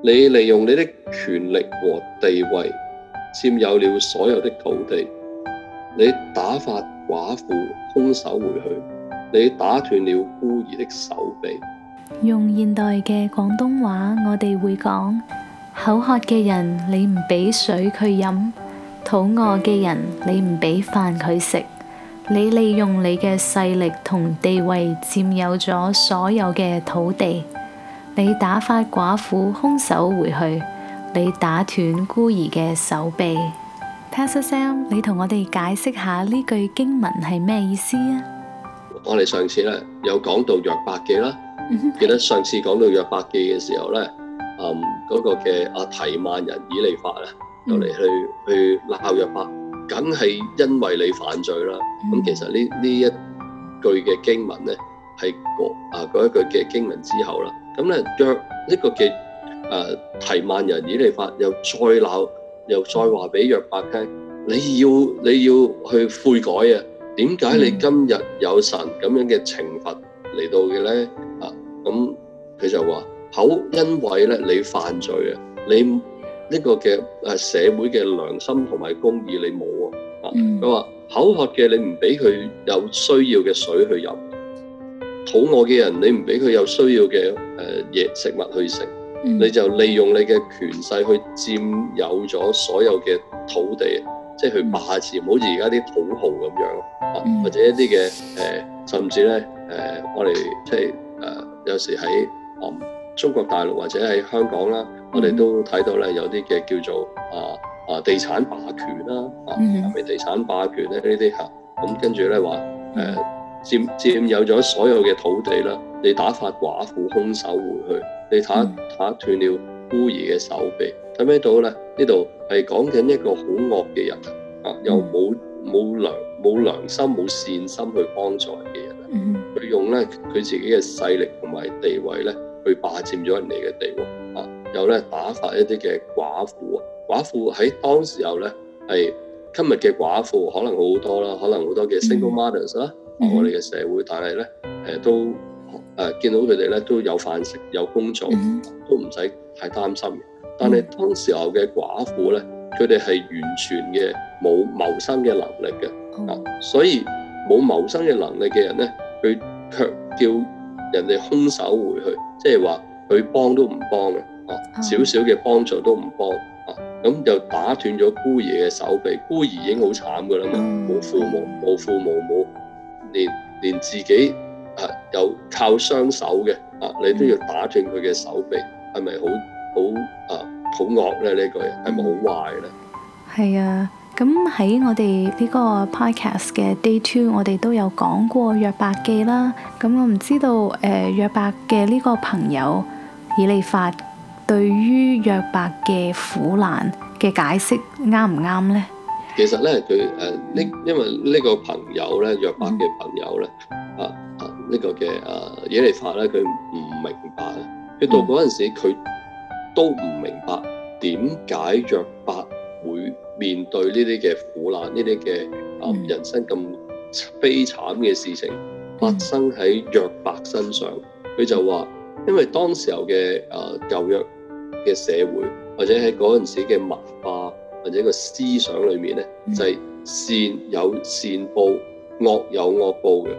你利用你的權力和地位，佔有了所有的土地。你打發寡婦空手回去，你打斷了孤兒的手臂。用現代嘅廣東話，我哋會講：口渴嘅人你唔俾水佢飲，肚餓嘅人你唔俾飯佢食。你利用你嘅勢力同地位，佔有咗所有嘅土地。你打發寡婦空手回去，你打斷孤兒嘅手臂。Pastor Sam，你同我哋解釋下呢句經文係咩意思啊？我哋上次咧有講到約伯記啦，記得上次講到約伯記嘅時候咧，嗯，嗰、個嘅阿提曼人以利法啊，就嚟去去鬧約伯，梗係因為你犯罪啦。咁其實呢呢一句嘅經文咧，係嗰啊一句嘅經文之後啦。咁咧，若呢、嗯這個嘅誒、呃、提幔人以利法，又再鬧，又再話俾約伯聽，你要你要去悔改啊？點解你今日有神咁樣嘅懲罰嚟到嘅咧？啊，咁、嗯、佢就話：口，因為咧你犯罪啊，你呢個嘅誒、啊、社會嘅良心同埋公義你冇啊。佢、啊、話口渴嘅你唔俾佢有需要嘅水去飲。肚餓嘅人，你唔俾佢有需要嘅誒嘢食物去食，嗯、你就利用你嘅權勢去佔有咗所有嘅土地，嗯、即係去霸佔，好似而家啲土豪咁樣，嗯、或者一啲嘅誒，甚至咧誒、呃，我哋即係誒、呃、有時喺啊、呃、中國大陸或者喺香港啦，嗯、我哋都睇到咧有啲嘅叫做啊啊、呃、地產霸權啦，係、啊、咪、嗯、地產霸權咧呢啲吓，咁、啊嗯、跟住咧話誒。佔佔有咗所有嘅土地啦，你打發寡婦空手回去，你打打斷了孤兒嘅手臂。睇咩、mm hmm. 到咧，呢度係講緊一個好惡嘅人啊，又冇冇良冇良心冇善心去幫助人嘅人，佢、mm hmm. 用咧佢自己嘅勢力同埋地位咧去霸佔咗人哋嘅地喎啊，又咧打發一啲嘅寡婦啊，寡婦喺當時候咧係今日嘅寡婦可能好多啦，可能好多嘅、mm hmm. single mothers 啦。我哋嘅社會，但係咧，誒、呃、都誒、呃、見到佢哋咧都有飯食、有工作，嗯、都唔使太擔心。但係當時候嘅寡婦咧，佢哋係完全嘅冇謀生嘅能力嘅，啊、嗯，所以冇謀生嘅能力嘅人咧，佢卻叫人哋空手回去，即係話佢幫都唔幫嘅，啊，少少嘅幫助都唔幫，啊，咁、嗯啊、就打斷咗孤兒嘅手臂，孤兒已經好慘噶啦嘛，冇、嗯、父母，冇父母，冇連連自己啊，有靠雙手嘅、嗯、啊，你都要打斷佢嘅手臂，係咪好好啊，好惡咧？呢個人係咪好壞咧？係啊，咁喺、這個啊、我哋呢個 podcast 嘅 day two，我哋都有講過約伯記啦。咁我唔知道誒，約伯嘅呢個朋友以利法對於約伯嘅苦難嘅解釋啱唔啱咧？其實咧，佢誒呢，因為呢個朋友咧，約伯嘅朋友咧、嗯啊這個，啊啊呢個嘅誒耶利法咧，佢唔明白。佢到陣時佢都唔明白點解約伯會面對呢啲嘅苦難，呢啲嘅啊人生咁悲慘嘅事情發生喺約伯身上。佢、嗯、就話，因為當時候嘅誒舊約嘅社會，或者喺陣時嘅文化。或者個思想裏面咧，就係善有善報，mm. 惡有惡報嘅。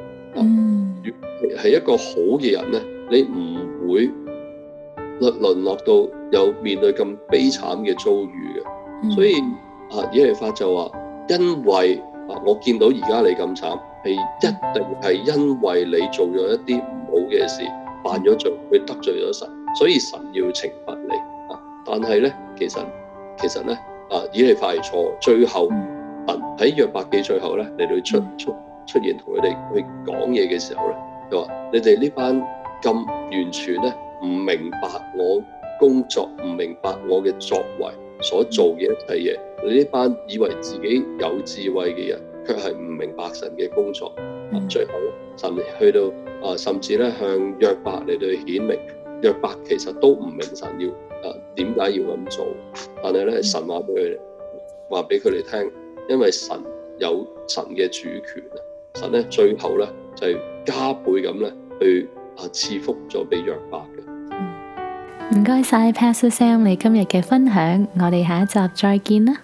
係、mm. 一個好嘅人咧，你唔會淪落到有面對咁悲慘嘅遭遇嘅。所以啊，以利法就話：，因為啊，我見到而家你咁慘，係一定係因為你做咗一啲唔好嘅事，犯咗罪，去得罪咗神，所以神要懲罰你。但係咧，其實其實咧。啊！以利法係錯，最後神喺約伯記最後咧嚟到出出出現同佢哋去講嘢嘅時候咧，就話：你哋呢班咁完全咧唔明白我工作，唔明白我嘅作為所做嘅一切嘢，你呢班以為自己有智慧嘅人，卻係唔明白神嘅工作。嗯、最後甚至去到啊，甚至咧向約伯嚟到顯明，約伯其實都唔明白神要啊點解要咁做。但係咧，神話俾佢哋話俾佢哋聽，因為神有神嘅主權啊。神咧最後咧就係加倍咁咧去啊賜福咗俾約伯嘅。唔該晒，Pastor Sam，你今日嘅分享，我哋下一集再見啦。